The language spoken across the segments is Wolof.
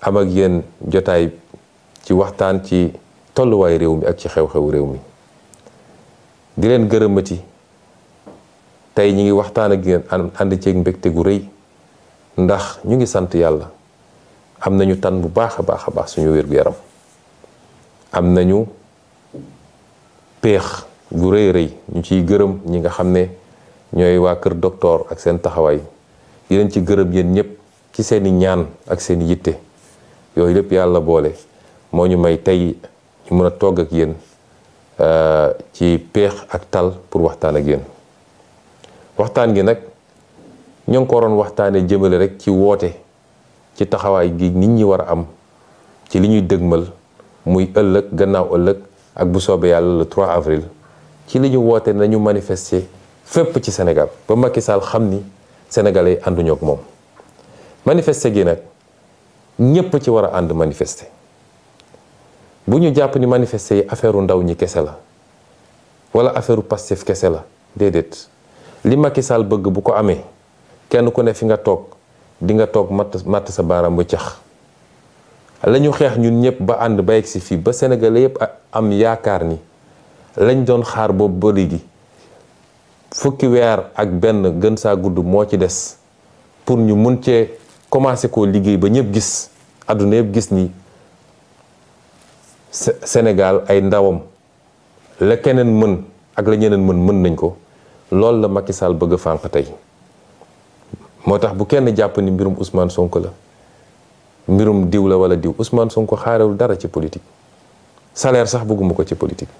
am ak yéen jotaay ci waxtaan ci tolluwaay réew mi ak ci xew-xew réew mi di leen gërëmati tey ñi ngi waxtaan ak yéen ànd ceeg mbégte gu rëy ndax ñu ngi sant yàlla am nañu tan bu baax a baax a baax suñu wér-gu-yaram am nañu péex gu rëy rëy ñu ciy gërëm ñi nga xam ne ñooy waa kër docteur ak seen taxawaay di leen ci gërëm yéen ñëpp ci seeni ñaan ak seen yitte yooyu lépp yàlla boole moo ñu may tey ñu mën a togg ak yéen euh, ci peex ak tal pour waxtaan ak yéen waxtaan gi nag ñoo ngi ko waroon waxtaanee jëmale rek ci woote ci taxawaay gi nit ñi war a am ci li ñuy dëgmal muy ëllëg gannaaw ëllëg ak bu soobee yàlla le 3 avril ci li ñu woote nañu manifester fépp ci Sénégal ba Macky Sall xam ni sénégalais yi ànduñu ak moom manifester gi nag. ñépp ci war a ànd manifester bu ñu jàpp ni manifester yi affaire u ndaw ñi kese la wala affaire u kese la déedéet li Macky Sall bëgg bu ko amee kenn ku ne fi nga toog di nga toog matt sa baaraam bu cax la xeex ñun ñëpp ba ànd ba yegg si fii ba Sénégalais yëpp am yaakaar ni lañ doon xaar boobu ba léegi fukki weer ak benn gën saa gudd moo ci des pour ñu mun cee commencé koo liggéey ba ñëpp gis àdduna yëpp gis ni Sénégal ay ndawam la keneen mën ak la ñeneen mën mën nañ ko loolu la Macky Sall bëgg a fànq tey moo tax bu kenn jàpp ni mbirum usmaan Sonko la mbirum diw la wala diw Ousmane Sonko xaarewul dara ci politique saleer sax bëgguma ko ci politique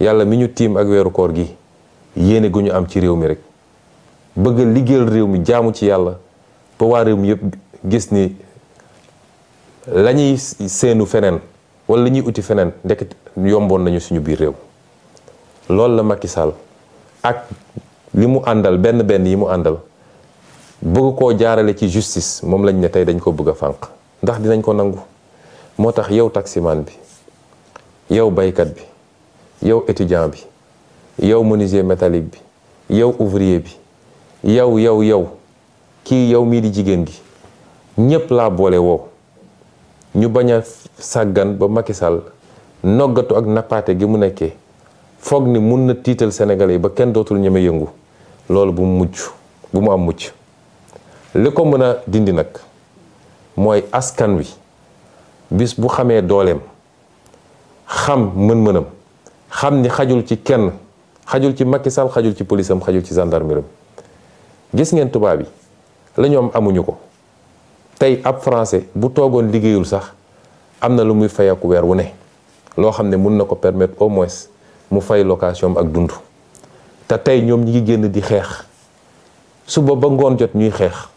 yàlla mi ñu tiim ak weeru koor gi yéene gu ñu am ci réew mi rek bëgg liggéeyal réew mi jaamu ci yàlla ba waa réew yëpp gis ni lañuy seenu feneen wala la ñuy uti feneen ndeket yomboon nañu suñu biir réew loolu la Macky Sall ak li mu àndal benn benn yi mu àndal bëgg koo jaarale ci justice moom lañ ne tey dañ ko bëgg a fànq ndax dinañ ko nangu moo tax yow taximaan bi yow baykat bi yow étudiant bi yow menuisier métallique bi yow ouvrier bi yow yow yow kii yow mii di jigéen gi ñëpp laa boole woo ñu bañ a sàggan ba Macky Sall noggatu ak nappaate gi mu nekkee foog ni mun na tiital Sénégalais yi ba kenn dootul ñeme yëngu loolu bu mu mucc bu mu am mujj li ko mën a dindi nag mooy askan wi bis bu xamee dooleem xam mën-mënam xam ni xajul ci kenn xajul ci Macky Sall xajul ci polisam xajul ci gendarmerie gis ngeen tubaab yi la ñoom amuñu ko tey ab français bu toogoon liggéeyul sax am na lu muy fayaku weer wu ne loo xam ne mun na ko permettre au moins mu fay location ak dund te tey ñoom ñi ngi génn di xeex suba ba ngoon jot ñuy xeex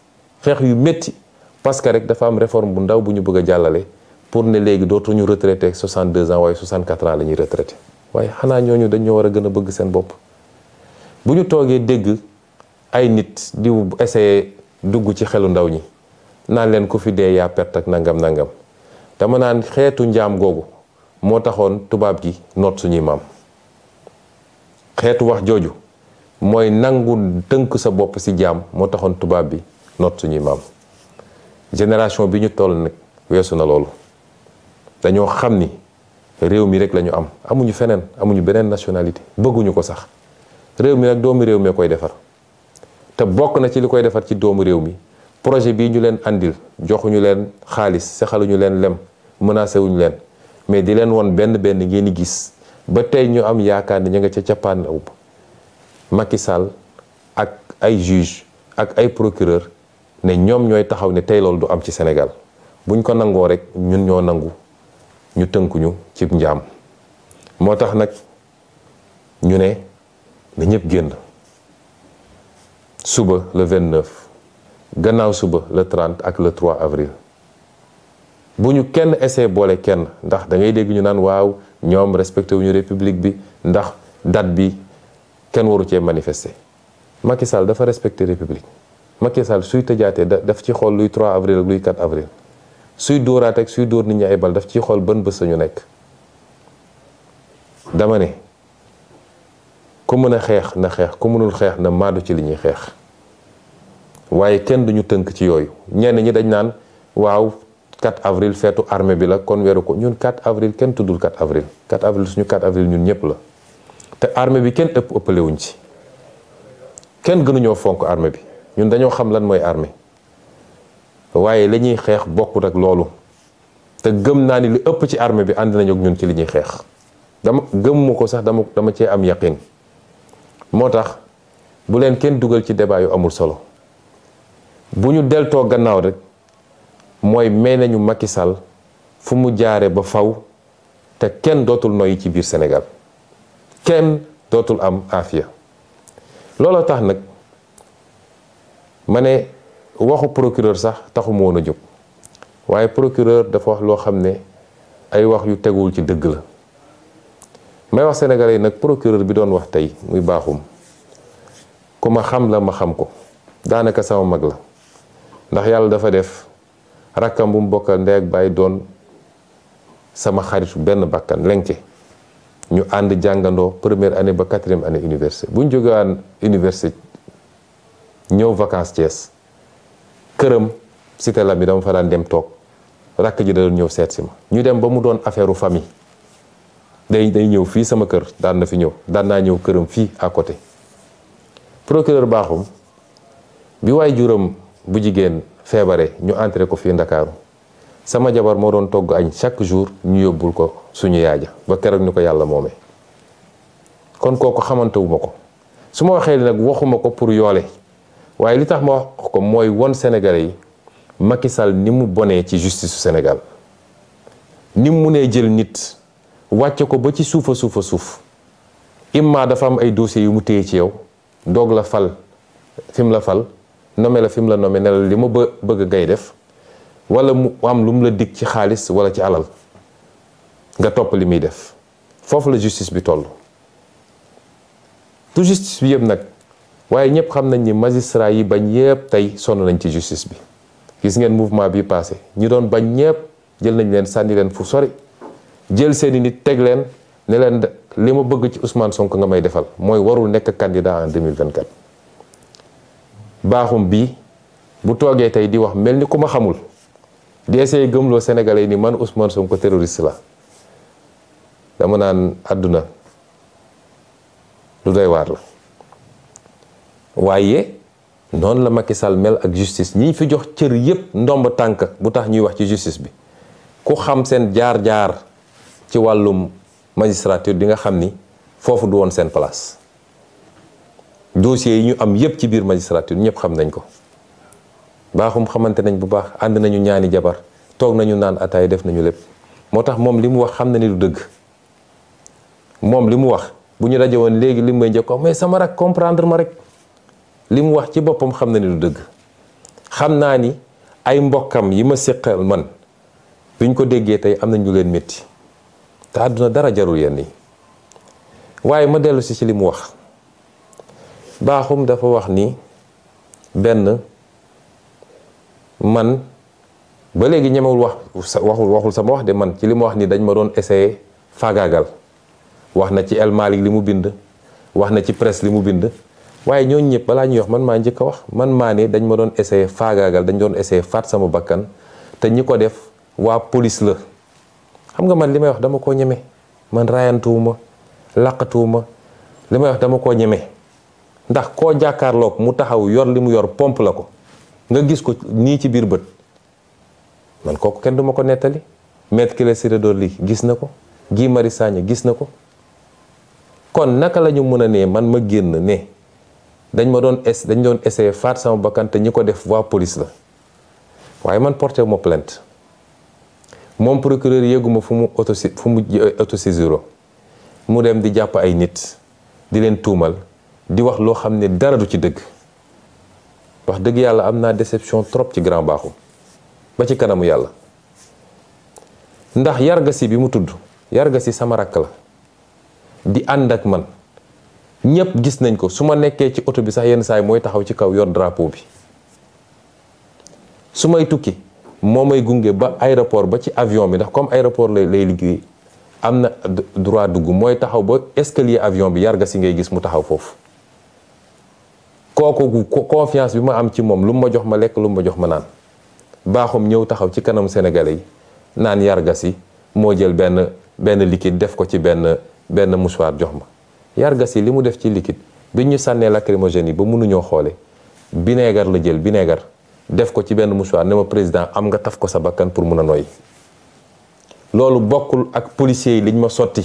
xeex yu metti parce que rek dafa am réforme bu ndaw bu ñu bëgg jàllale pour ne léegi dootuñu retraité 62 ans waaye 64 ans la lañuy retraité waaye xanaa ñooñu dañoo war a gën a bëgg seen bopp bu ñu toogee dégg ay nit di essayer dugg ci xelu ndaw ñi naan leen ku fi dee yaa perte ak nangam nangam dama naan xeetu njaam googu moo taxoon tubaab gi noot suñuy maam xeetu wax jooju mooy nangu tënk sa bopp ci jaam moo taxoon tubaab bi noot suñuy maam génération bi ñu toll nag weesu na loolu dañoo xam ni réew mi rek lañu am amuñu feneen amuñu beneen nationalité bëgguñu ko sax réew mi nag doomu réew mee koy defar te bokk na ci li koy defar ci doomu réew mi projet bii ñu leen andil joxuñu leen xaalis sexaluñu leen lem menacé wuñu leen mais di leen woon benn benn ngeen di gis ba tey ñu am yaakaar ne ñu nga ca cappaandaw ba Macky Sall ak ay juge ak ay procureur ne ñoom ñooy taxaw ne tey loolu du am ci senegal buñ ko nangoo rek ñun ñoo nangu ñu tënkuñu ci njaam moo tax nag ñu ne na génn suba le 29 gannaaw suba le 30 ak le 3 avril bu ñu kenn essayé boole kenn ndax da ngay dégg ñu naan waaw ñoom respecté wuñu république bi ndax date bi kenn waru cee manifester Macky Sall dafa respecté république Macky Sall suy tëjaatee daf ci xool luy trois avril ak luy avril suy dóoraat ak suy dóor nit ñi ay bal daf ciy xool ban bés sañu nekk dama ne. ku mën a xeex na xeex ku mënul xeex na maadu ci li ñuy xeex waaye kenn duñu tënk ci yooyu ñenn ñi dañ naan waaw 4 avril feetu armée bi la kon weeru ko ñun 4 avril kenn tuddul 4 avril 4 avril suñu 4 avril ñun ñëpp la te armée bi kenn ëpp ëppalewuñ ci kenn gënuñoo fonk armée bi ñun dañoo xam lan mooy arme waaye li ñuy xeex bokkut ak loolu te gëm naa ni li ëpp ci armée bi ànd nañu ak ñun ci li ñuy xeex dama gëmuma ko sax dama dama cee am yaqin moo tax bu leen kenn dugal ci débat yu amul solo bu ñu deltoo gannaaw rek mooy may nañu Macky Sall fu mu jaare ba faw te kenn dootul noyyi ci biir senegal kenn dootul am afia looloo tax nag ma ne waxu procureur sax taxu mu woon a jóg waaye procureur dafa wax loo xam ne ay wax yu teguwul ci dëgg la may wax sénégalais yi nag procureur bi doon wax tey muy baaxum ku ma xam la ma xam ko daanaka sama mag la ndax yàlla dafa def rakkam bu mu bokkal ndey ak bàyyi doon sama xaritu benn bakkan lenke ñu ànd jàngandoo première année ba quatrième année université bu ñu jógewaan université ñëw vacances Thiès këram cité la bi dama fa daan dem toog rakk ji da ñëw seet si ma ñu dem ba mu doon affaire famille day day ñëw fii sama kër daan na fi ñëw daan naa ñëw këram fii à côté procureur Bakhoum bi waaye juram bu jigéen feebaree ñu entré ko fii Ndakaaru sama jabar moo doon togg añ chaque jour ñu yóbbul ko suñu yaaja ba keroog ni ko yàlla moome kon kooku xamantewuma ko su ma waxee nag waxuma ko pour yoole waaye li tax ma wax ko mooy won Sénégalais yi Macky Sall ni mu bonee ci justice su Sénégal ni mu munee jël nit wàcce ko ba ci suufa suufa suuf imma dafa am ay dossiers yu mu téye ci yow doog la fal fi mu la fal nome la fi mu la nome ne li ma bëgg ngay def wala mu am lu mu la dig ci xaalis wala ci alal nga topp li muy def foofu la justice bi toll tout justice bi yëpp nag waaye ñëpp xam nañ ni magistrat yi bañ yëpp tey sonn nañ ci justice bi gis ngeen mouvement bi passé ñi doon bañ ñëpp jël nañ leen sànni leen fu sori jël seeni nit teg leen ne leen li ma bëgg ci Ousmane Sonko nga may defal mooy warul nekk candidat en 2024 baaxum bii bu toogee tey di wax mel ni ku ma xamul di essayer gëmloo Sénégalais yi ni man Ousmane Sonko terroriste la dama naan àdduna lu doy waar la waaye noonu la ma ki sal mel ak justice ñi fi jox cër yépp ndomb tànk bu tax ñuy wax ci justice bi ku xam seen jaar-jaar ci wàllum magistrature di nga xam ni foofu du woon seen place dossiers yi ñu am yépp ci biir magistrature ñëpp xam nañ ko baaxum xamante nañ bu baax ànd nañu ñaani jabar toog nañu naan ataay def nañu lépp moo tax moom li mu wax xam na ni du dëgg moom li mu wax bu ñu daje woon léegi li mu may njëkk ko mais sama rak comprendre ma rek li mu wax ci boppam xam na ni du dëgg xam naa ni ay mbokkam yi ma séqal man buñ ko déggee tey am nañ lu leen métti te àdduna dara jarul yenn yi waaye ma dellusi ci li mu wax baaxum dafa wax ni benn man ba léegi ñemewul wax waxul waxul sama wax de man ci li ma wax nii dañ ma doon essayer faagaagal wax na ci El li mu bind wax na ci presse li mu bind waaye ñooñu ñëpp balaa ñuy wax man maa njëkk a wax man maa ni dañ ma doon essayer faagaagal dañ doon essayer faat sama bakkan te ñi ko def waa police la xam nga man li may wax dama koo ñeme man raayantuwuma làqatuwuma li may wax dama koo ñeme ndax koo jàkkaarloog mu taxaw yor li mu yor pompe la ko nga gis ko nii ci biir bët man kooku kenn duma ko nettali maître Ciré Clédor Ly gis na ko giimari Marius gis na ko kon naka lañu mën a ne man ma génn ne dañ ma doon es dañ doon essayer faat sama bakkan te ñi ko def waa la waaye man porté ma plainte moom procureur yëguma fu mu autosi fu mu auto euh, autosaisiro mu dem di jàpp ay nit di leen tuumal di wax loo xam ne dara du ci dëgg wax dëgg yàlla am naa déception trop ci grand baaxu ba ci kanamu yàlla ndax yargasi bi mu tudd yargasi sama rakk la di ànd ak man ñëpp gis nañ ko su ma nekkee ci oto bi sax yenn saay mooy taxaw ci kaw yor drapeau bi su may tukki moo may gunge ba aéroport ba ci avion bi ndax comme aéroport lay lay liggéey am na droit dugg mooy taxaw ba escalier avion bi yarga si ngay gis mu taxaw foofu kooku confiance bi ma am ci moom lu ma jox ma lekk lu ma jox ma naan baaxum ñëw taxaw ci kanam sénégalais yi naan yarga si moo jël benn benn liquide def ko ci benn benn mouchoir jox ma yarga si li mu def ci liquide bi ñu sànnee lacrymogène yi ba mënuñoo xoole bineegar la jël bineegar def ko ci benn mouchoir ne ma président am nga taf ko sa bakkan pour mun a noyyi loolu bokkul ak policiers yi liñ ma sotti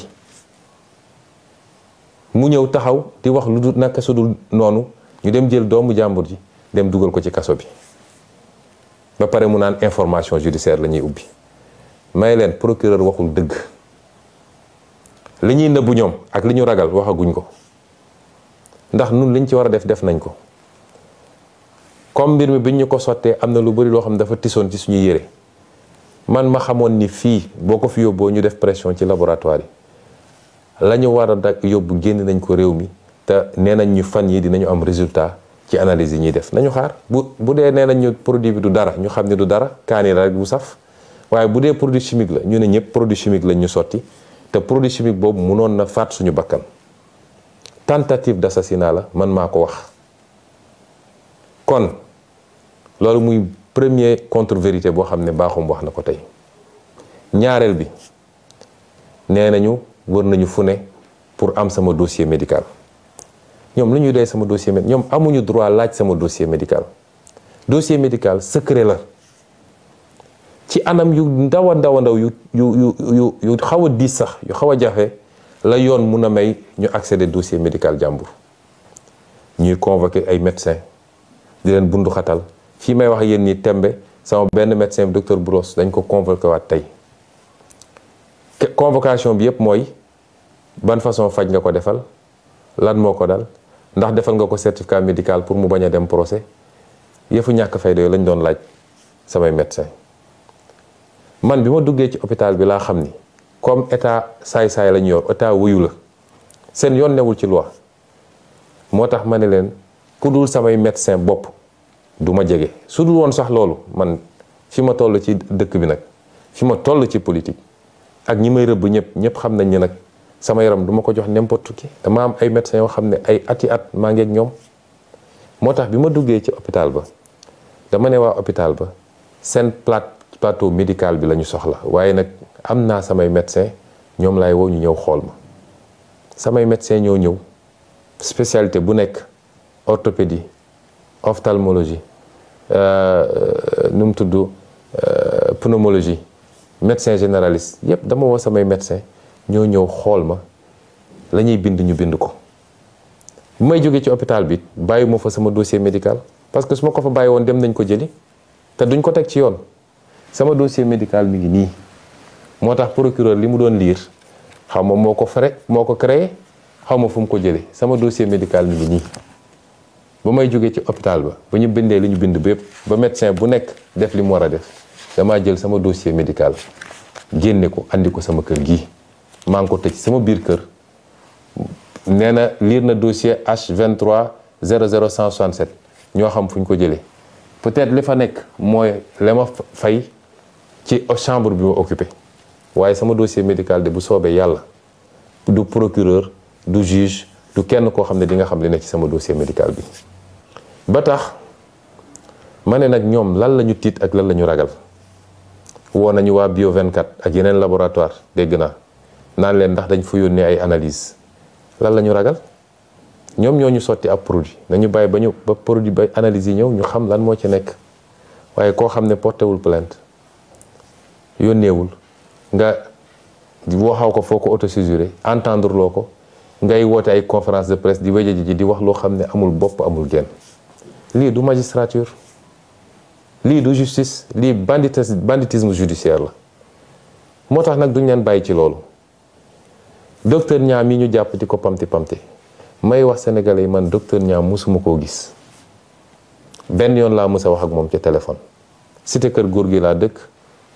mu ñëw taxaw di wax lu dul naka sudul noonu ñu dem jël doomu jàmbur ji dem dugal ko ci kaso bi ba pare mu naan information judiciaire la ñuy ubbi may leen procureur waxul dëgg li ñuy nëbbu ñoom ak li ñu ragal waxaguñ ko ndax nun liñ ci war a def def nañ ko comme mbir mi bi ñu ko sottee am na lu bëri loo xam ne dafa tisoon ci suñu yére man ma xamoon ni fii boo ko fi yóbboo ñu def pression ci laboratoire yi la ñu war a dag yóbbu génn nañ ko réew mi te nee nañ ñu fan yi dinañu am résultat ci analyse yi ñuy def nañu xaar bu bu dee nee nañ ñu produit bi du dara ñu xam ne du dara kaani la rek bu saf waaye bu dee produit chimique la ñu ne ñëpp produit chimique lañ ñu sotti te produit chimique boobu munoon na faat suñu bakkan tentative d'assassinat la man maa ko wax kon loolu muy premier contre-vérité boo xam ne baaxum wax na ko tey ñaareel bi nee nañu wër nañu fu ne pour am sama dossier médical ñoom lu ñuy doy sama dossier médical ñoom amuñu droit laaj sama dossier médical dossier médical secret la ci anam yu ndaw a ndaw a ndaw yu yu yu yu xaw a diis sax yu xaw a jafe la yoon mun a may ñu accéder dossier médical jàmbur ñuy convoquer ay médecins di leen bundu xatal fii may wax yéen nii tembe sama benn médecin bi docteur Bouros dañ ko convoqué waat tey convocation bi yëpp mooy ban façon faj nga ko defal lan moo ko dal ndax defal nga ko certificat médical pour mu bañ a dem procès yëfu ñàkk fayda yooyu lañ doon laaj samay médecin man bi ma duggee ci hôpital bi laa xam ni comme état saay-saay la ñu yor état wuyu la seen yoon newul ci loi moo tax ma ne leen ku dul samay médecin bopp du ma jege su dul woon sax loolu man fi ma toll ci dëkk bi nag fi ma toll ci politique ak ñi may rëbb ñëpp ñëpp xam nañ ne nag sama yaram duma ko jox n'importe qui dama am ay médecins yoo xam ne ay ati at maa ngi ak moo tax bi ma duggee ci hôpital ba dama ne waa hôpital ba seen plate plateau médical bi la ñu soxla waaye nag am naa samay médecin ñoom laay woo ñu ñëw xool ma samay médecin ñoo ñëw spécialité bu nekk orthopédie ophtalmologie euh, euh, nu mu tudd euh, pneumologie médecin généraliste yépp dama woo samay médecin ñoo ñëw xool ma la ñuy bind ñu bind ko bu may jógee ci hôpital bi bàyyi ma fa sama dossier médical parce que su ma ko fa bàyyi woon dem nañ ko jëli te duñ ko teg ci yoon sama dossier médical mi ngi nii moo tax procureur li mu doon liir xaw ma moo ko fere moo ko créé xaw ma fu mu ko jëlee sama dossier médical mi ngi nii ba may jógee ci hôpital ba ba ñu bindee li ñu bind bépp ba médecin bu nekk def li mu war a def damaa jël sama dossier médical génne ko indi ko sama kër gi maa ngi ko tëj sama biir kër nee na liir na dossier H23 00167 ñoo xam fu ñu ko jëlee peut-être li fa nekk mooy la ma fay ci chambre bi ma occupé waaye sama dossier médical de bu soobee yàlla du procureur du juge du kenn koo xam ne di nga xam li ne ci sama dossier médical bi ba tax ma ne nag ñoom lan la ñu tiit ak lan la ñu ragal woo nañu waa bio vingt 24 ak yeneen laboratoire dégg naa naan leen ndax dañ fa yónnee ay analyse lan la ñu ragal ñoom ñoo ñu sotti ab produit nañu bàyyi ba ñu ba produit ba analyse yi ñëw ñu xam lan moo ci nekk waaye koo xam ne portéwul plainte yónneewul nga waxaw ko foo ko autosaisiré entendre loo ko ngay woote ay conférence de presse di wéjëji di wax loo xam ne amul bopp amul genn lii du magistrature lii du justice lii banditis banditisme judiciaire la moo tax nag duñ leen bàyyi ci loolu docteur Niang mi ñu jàpp di ko pamti pamti may wax sénégalais yi man docteur Niang mosuma koo gis benn yoon laa mës wax ak moom ci téléphone site kër góor gi laa dëkk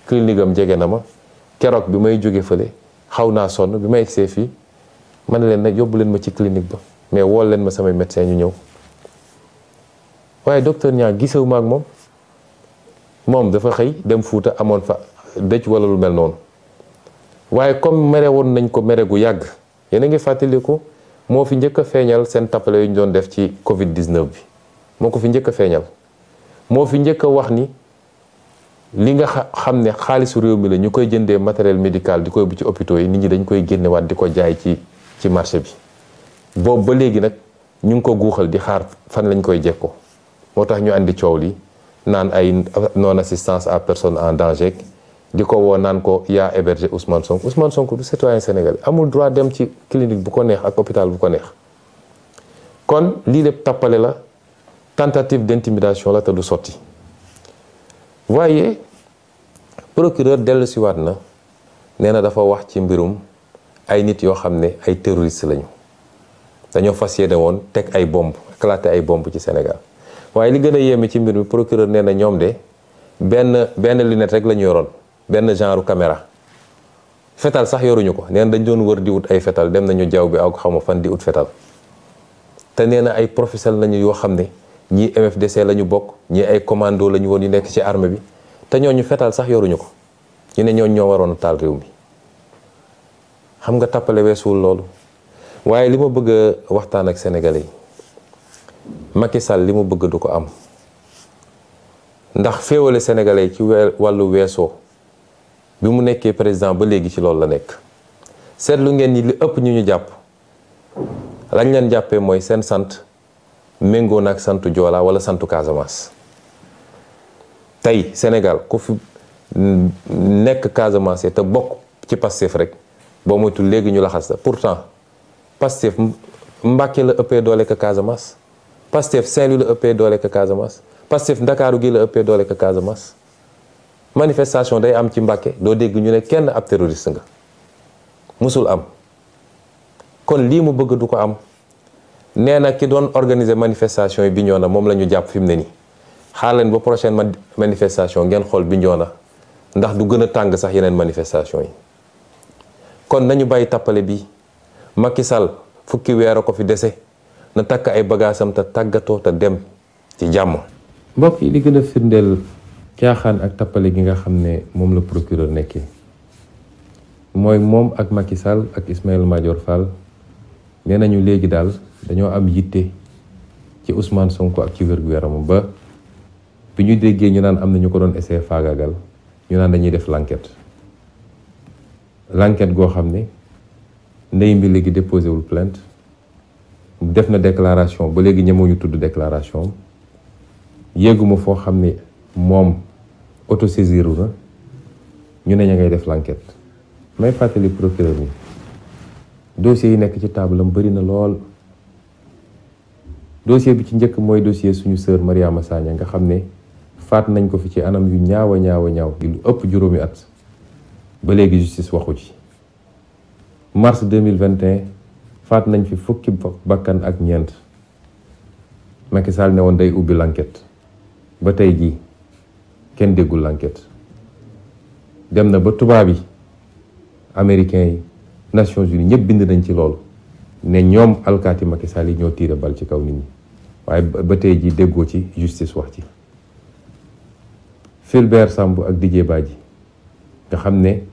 clinique jege na ma keroog bi may jóge fële xaw naa sonn bi ma egsee fii man leen nag yóbbu leen ma ci clinique ba mais wool leen ma samay médecin ñu ñëw waaye docteur Niang gisewuma ak moom moom dafa xëy dem Fuuta amoon fa dëj wala lu mel noonu waaye comme mere woon nañ ko mere gu yàgg yéen a ngi fàttaliku moo fi njëkk a feeñal seen tappale yu ñu doon def ci Covid 19 bi moo ko fi njëkk a feeñal moo fi njëkk a wax ni li nga xam ne xaalisu réew mi la ñu koy jëndee matériel médical di koy bu ci hôpitaux yi nit ñi dañ koy génnewaat di ko jaay ci ci marché bi boobu ba léegi nag ñu ngi ko guuxal di xaar fan lañ koy jekkoo moo tax ñu andi coow li naan ay non assistance à personne en danger di ko woo naan ko yaa hébergé Ousmane Sonko Ousmane Sonko du citoyen sénégalais amul droit dem ci clinique bu ko neex ak hôpital bu ko neex kon lii lépp tappale la tentative d'intimidation la te du sotti waaye procureur dellu siwaat na nee na dafa wax ci mbirum ay nit yoo xam ne ay terroriste lañu dañoo fas yéene woon teg ay bomb éclater ay bomb ci Sénégal waaye li gën a yéeme ci mbir mi procureur nee na ñoom de benn benn lunette rek la ñu yoroon benn genre caméra fetal sax yoruñu ko nee dañ doon wër di wut ay fetal dem nañu jaw bi ak xawma fan di ut fetal te nee na ay professionnel lañu yoo xam ne ñii MFDC la ñu bokk ñii ay commando la ñu woon yu nekk ci armée bi te ñoo ñu fetal sax yoruñu ko ñu ne ñooñu ñoo waroon taal réew mi xam nga tappale weesuwul loolu waaye li ma bëgg waxtaan ak sénégalais yi Macky Sall li mu bëgg du ko am ndax féewale sénégalais ci wàllu weesoo bi mu nekkee président ba léegi ci loolu la nekk seetlu ngeen ni li ëpp ñu ñu jàpp lañ leen jàppee mooy seen sant méngoo naag santu Joola wala santu Casamance tey Sénégal ku fi nekk Casamance te bokk ci Pastef rek boo moytul léegi ñu laxas la pourtant Pastef Mbàkke la ëppee doole ko Casamance Pastef Saint-Louis la ëppee doole ka Casamance Pastef Ndakaaru gi la ëppee doole ka Casamance manifestation day am ci Mbàkke doo dégg ñu ne kenn ab terroriste nga mësul am kon lii mu bëgg du ko am nee na ki doon organiser manifestation yi Bignona moom la ñu jàpp fi mu ne nii xaar leen ba prochaine manifestation ngeen xool bi Bignona ndax du gën a tàng sax yeneen manifestation yi kon nañu bàyyi tappale bi Macky sal fukki weer a ko fi dese na takk ay bagaasam te tàggatoo te dem ci jàmm. mbokk yi li gën a firndeel caaxaan ak tappale gi nga xam ne moom la procureur nekkee mooy moom ak Macky Sall ak Ismaïla Madior Fall nee nañu léegi daal dañoo am yitte ci Ousmane Sonko ak ci wér-gu-yaramam ba bi ñu déggee ñu naan am na ñu ko doon essayé faagaagal ñu naan dañuy def l'enquête l'enquête goo xam ne ndey mbi léegi déposé wul plainte def na déclaration ba léegi ñemewuñu tudd déclaration yéeguma foo xam ni moom autosaisiru na ñu ne ña ngay def l'enquête may fàttali procureur ni dossier yi nekk ci taabalam bëri na lool dossier bi ci njëkk mooy dossier suñu sœur Mariama Sagna nga xam ne faat nañ ko fi ci anam yu ñaaw a ñaaw a ñaaw yi lu ëpp juróomi at ba léegi justice waxu ci mars 2021 faat nañ fi fukki bakkan ak ñeent Macky ne woon day ubbi lanket ba tey jii kenn déggul lanket dem na ba tubaab yi américains yi Nations Unies ñëpp bind nañ ci lool ne ñoom alkaati Macky Sall yi ñoo tiire bal ci kaw nit ñi waaye ba tey jii déggoo ci justice wax ci Fulbert Sambou ak Didier Badji nga xam ne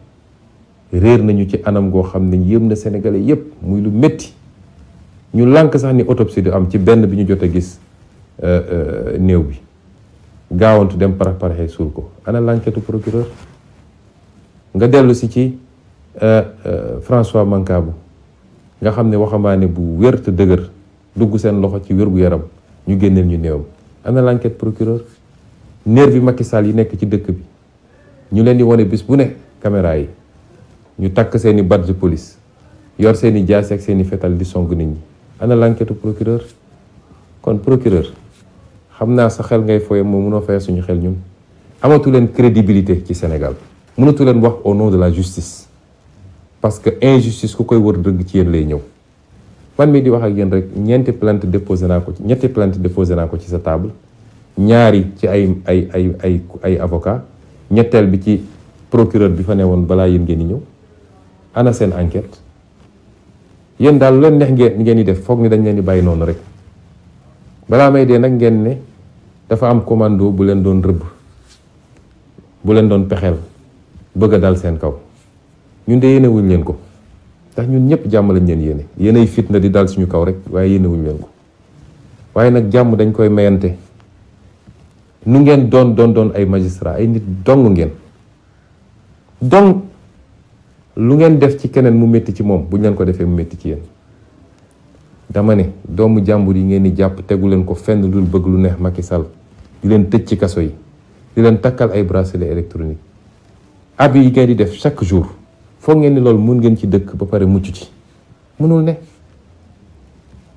réer nañu ci anam goo xam ne yëm na sénégalais yépp muy lu metti ñu lànk sax ni autopsie am ci benn bi ñu jot a gis euh, euh, néew bi gaawantu dem parax paraxee suul ko ana l'enquête procureur nga dellu si ci euh, François Mancabou nga xam ne waxambaane bu wér te dëgër dugg seen loxo ci wér-gu-yaram ñu génneel ñu néewam ana l'enquête procureur nervi Macky Sall yi nekk ci dëkk bi ñu leen di wane bis bu ne caméra yi ñu takk seen i badge police yor seen i jaas ak seeni i fetal di song nit ñi ana l'enquête procureur kon procureur xam naa sa xel ngay foye moom munoo fay suñu xel ñun amatu leen crédibilité ci Sénégal mënatu leen wax au nom de la justice parce que injustice ku koy wër dëgg ci yéen lay ñëw man mi di wax ak yéen rek ñeenti plainte déposé naa ko ci ñetti plainte déposé naa ko ci sa table ñaari ci ay ay ay ay ay avocat ñetteel bi ci procureur bi fa ne woon balaa yéen ngeen di ñëw ana seen enquête yéen daal leen neex ngeen ngeen di def foog ni dañ leen di bàyyi noonu rek balaa may dee nag ngeen ne dafa am commando bu leen doon rëbb bu leen doon pexeel bëgg a dal seen kaw ñun de yéene leen ko ndax ñun ñëpp jàmm lañ yéene yéenay fitna di dal suñu kaw rek waaye yéene leen ko waaye nag jàmm dañ koy mayante nu ngeen doon doon doon ay magistrat ay nit dong ngeen dong lu ngeen def ci keneen mu métti ci moom bu ñu leen ko defee mu métti ci yéen dama ne doomu jàmbur yi ngeen di jàpp tegu leen ko fenn dul bëgg lu neex Macky Sall di leen tëj ci kaso yi di leen takkal ay bracelet électronique abi yi ngeen di def chaque jour foog ngeen ni loolu mun ngeen ci dëkk ba pare mucc ci mënul ne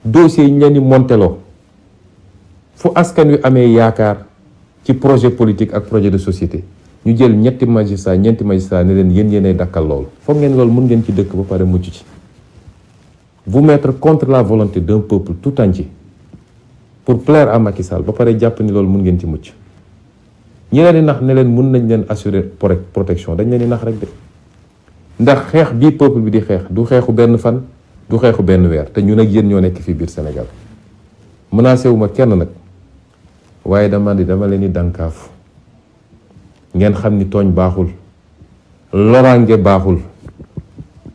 dossiers yi ñu leen di monteloo fu askan wi amee yaakaar ci projet politique ak projet de société ñu jël ñetti magistrat ñeenti magistrat ne leen yéen yéenay dakkal loolu foog ngeen loolu mën ngeen ci dëkk ba pare mucc ci vous mettre contre la volonté d'un peuple tout ci pour plaire à Macky Sall ba pare jàpp ni loolu mun ngeen ci mucc ñi leen di nax ne leen mën nañ leen assurer protection dañ leen di nax rek de ndax xeex bii peuple bi di xeex du xeexu benn fan du xeexu benn weer te ñu ak yéen ñoo nekk fi biir Sénégal menacé wu ma kenn nag waaye dama di dama leen di dànkaafu ngeen xam ni tooñ baaxul loraange baaxul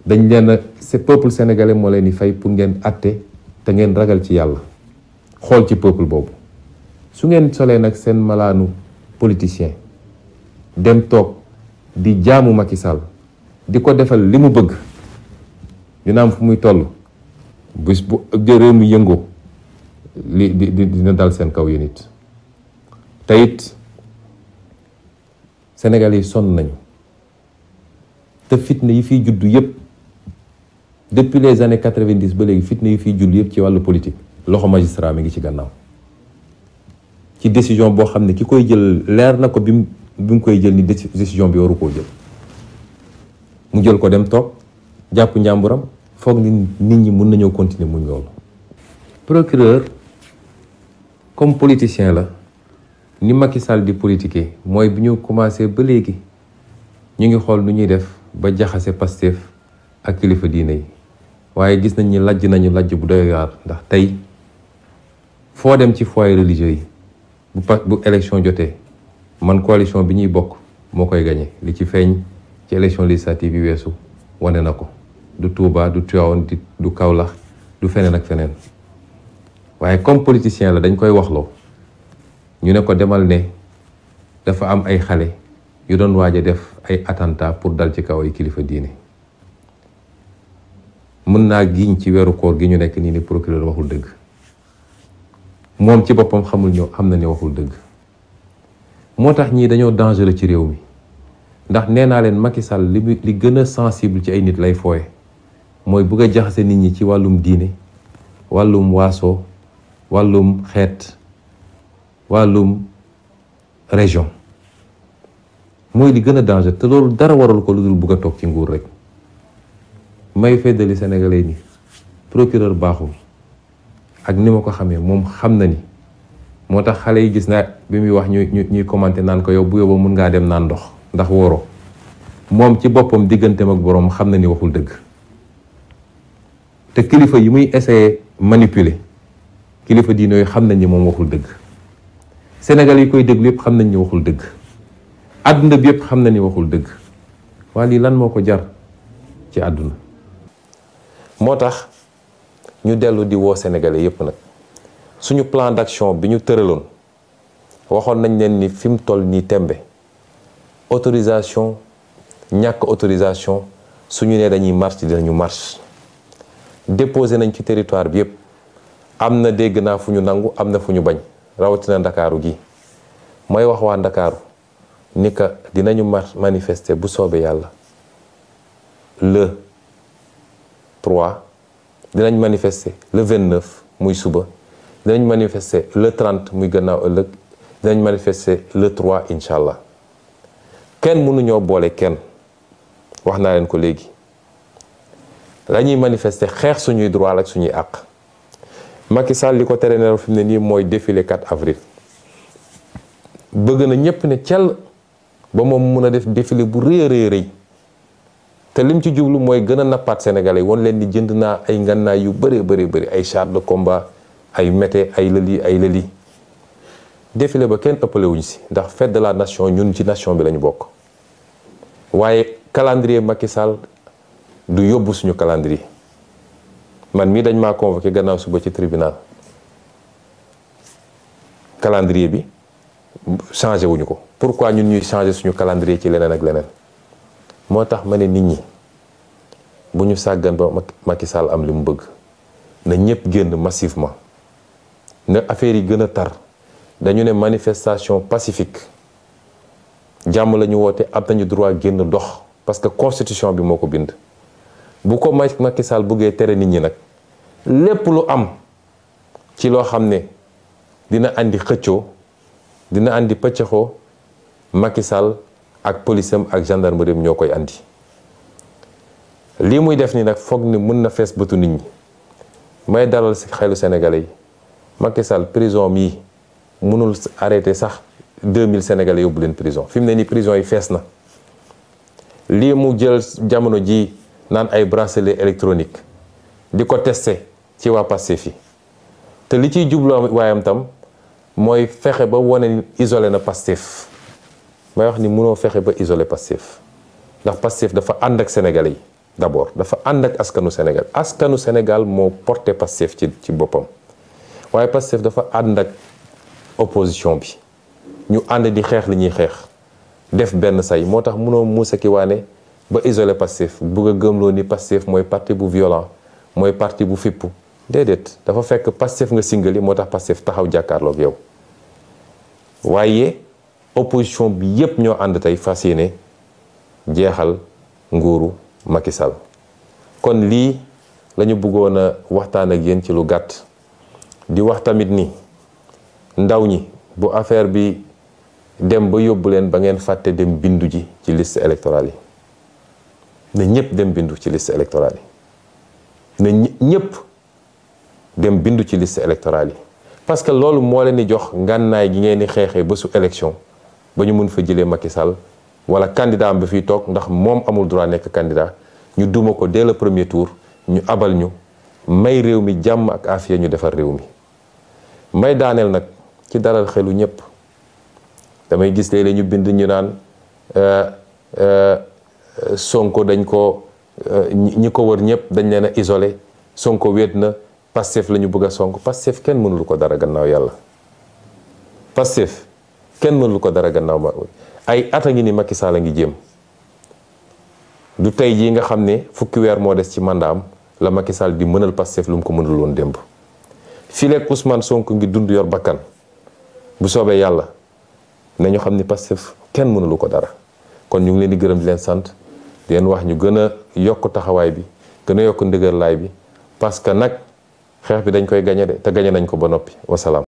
dañ leen a ce peuple moo leen di fay pour ngeen atte te ngeen ragal ci yàlla xool ci peuple boobu su ngeen solee nag seen malaanu politicien dem toog di jaamuma ci Sall di ko defal li mu bëgg dina am fu muy toll bis bu réew mi yëngoo li di dina dal seen kaw yéen it te Sénégal yi sonn nañu te fitna yi fiy juddu yëpp depuis les années quatre-vingt-dix ba léegi fitna yi fiy juddu yëpp ci wàllu politique loxo magistrat mi ngi ci gannaaw ci décision boo xam ne ki koy jël leer na ko bi mu bi mu koy jël ni décision bi waru koo jël mu jël ko dem toog jàpp njàmburam foog ni nit ñi mun nañoo continuer muñ loolu procureur comme politicien la ni Macky Sall di politiquer mooy bi ñu commencé ba léegi ñu ngi xool lu ñuy def ba jaxase Pastef ak kilifa diine yi waaye gis nañ ni lajj nañu lajj bu doy waar ndax tey foo dem ci foyer religieux yi bu pa bu élection jotee man coalition bi ñuy bokk moo koy gañe li ci feeñ ci élection législative bi weesu wane na ko du Touba du Tivaouane du kaw la du feneen ak feneen waaye comme politicien la dañ koy waxloo ñu ne ko demal ne dafa am ay xale yu doon waaj a def ay attentat pour dal ci kaw ay kilifa diine mën naa giñ ci weeru koor gi ñu nekk nii ni procureur waxul dëgg moom ci boppam xamul ñëw am na ne waxul dëgg moo tax ñii dañoo dangereux ci réew mi ndax nee naa leen Macky Sall li li gën a sensible ci ay nit lay fooye mooy bëgg a jaxase nit ñi ci wàllum diine wàllum waaso wàllum xeet wàllum région mooy li gën a danger te loolu dara waral ko lu dul bugg a toog ci nguur rek may feddali sénégalais ni procureur baaxul ak ni ma ko xamee moom xam na ni moo tax xale yi gis naa bi muy wax ñuy ñuy commenté naan ko yow bu yóbbu mun ngaa dem naan ndox ndax woro moom ci boppam diggante ak boroom xam na ni waxul dëgg te kilifa yi muy essayé manipuler kilifa diine yooyu xam nañ ni moom waxul dëgg Sénégal yi koy déglu yëpp xam nañ ni waxul dëgg àdduna bi yëpp xam na ni waxul dëgg waa lii lan moo ko jar ci àdduna moo tax ñu dellu di woo sénégalais yëpp nag suñu plan d'action bi ñu tëraloon waxoon nañ leen ni fi mu toll nii tembe autorisation ñàkk autorisation suñu nee dañuy marche dinañu marche déposé nañ ci territoire bi yëpp am na dégg naa fu ñu nangu am na fu ñu bañ rawatina ndakaaru gi mooy wax waa ndakaaru ni ka dinañu mar manifester bu soobee yàlla le 3 dinañ manifester le 29 muy suba dinañ manifester le 30 muy gannaaw ëllëg dinañ manifester le 3 incha allah kenn mënuñoo boole kenn wax naa leen ko léegi la ñuy manifester xeex suñuy droit ak suñuy àq. Macky Sall li ko tere nelaw fi mu ne nii mooy défilé 4 avril bëgg na ñëpp ne cel ba moom mun a def défilé bu rëy rëy rëy te lim ci jublu mooy gën a nappaat sénégalais won leen ni jënd naa ay ngannaay yu bëree bëri bëri ay char de combat ay mété ay lëli ay lëli défilé ba kenn ëppale si ndax fête de la nation ñun ci nation bi lañu bokk waaye calendrier Macky Sall du yóbbu suñu calendrier. man mii dañ maa convoqué gannaaw suba ci tribunal calendrier bi changé wuñu ko pourquoi ñun ñuy changé suñu calendrier ci leneen ak leneen moo tax ma ne nit ñi bu ñu sàggan ba Macky Sall am li mu bëgg na ñëpp génn massivement na affaire yi gën a tar dañu ne manifestation pacifique jàmm lañu ñu woote am nañu droit génn dox parce que constitution bi moo ko bind bu ko Macky Sall buggee tere nit ñi nag lépp lu am ci loo xam ne dina andi xëccoo dina indi pëccëxoo Macky Sall ak polisam ak gendarmerie ñoo koy andi lii muy def ni nag foog ni mën na fees bëtu nit ñi may dalal si xelu sénégalais yi Macky Sall prison mii mënul arrêté sax 2000 sénégalais yóbbu leen prison fi ne nii prison yi fees na lii mu jël jamono ji naan ay bracelet électronique di ko testé ci waa Pastef yi te li ciy jublu waayam tam mooy fexe ba wane ni isolé na Pastef may wax ni mënoo fexe ba isolé Pastef ndax Pastef dafa ànd ak Sénégalais yi d'abord dafa ànd ak askanu Sénégal askanu Sénégal moo porté Pastef ci ci boppam waaye Pastef dafa ànd ak opposition bi ñu ànd di xeex li ñuy xeex def benn say moo tax mënoo muusa ki waane ba isolé Pastef bëgg a gëmloo ni Pastef mooy parti bu violent mooy parti bu fippu déedéet dafa fekk Pastef nga singali moo tax Pastef taxaw jàkkaarloog yow waaye opposition bi yépp ñoo ànd tey fas yéene jeexal nguuru makisal kon lii lañu bëggoon a waxtaan ak yéen ci lu gàtt di wax tamit ni ndaw ñi bu affaire bi dem ba yóbbu leen ba ngeen fàtte dem bindu ji ci list électorale yi na ñëpp dem bindu ci liste électorale yi na ñëpp dem bindu ci liste électorale yi parce que loolu moo leen di jox ngànnaay gi ngeen di xeexee ba su élection ba ñu mun fa jëlee Macky Sall wala candidat am ba fiy toog ndax moom amul droit nekk candidat ñu duma ko dès le premier tour ñu abal ñu may réew mi jàmm ak afiya ñu defar réew mi may daaneel nag ci dalal xelu ñëpp damay gis léeg-léeg ñu bind ñu naan euh, euh, sonk dañ ko euh, ñi ko wër ñëpp dañ leen a isole sonk wéet na Pastef la ñu bëgg a sonk Pastef kenn mënul ko dara gannaaw yàlla Pastef kenn mënul ko dara gannaaw ma ay at a ngi ni Macky a ngi jéem du tey jii nga xam ne fukki weer moo des ci mandaam la Macky Sall di mënal Pastef lu mu ko mënul woon démb fileeg Ousmane sonk ngi dund yor bakkan bu soobee yàlla nañu xam ni Pastef kenn mënulu ko dara kon ñu ngi leen di gërëm di leen sant di wax ñu gën a yokk taxawaay bi gën a yokk ndigal laay bi parce que nag xeex bi dañ koy gañe de te gañe nañ ko ba noppi wasalaam.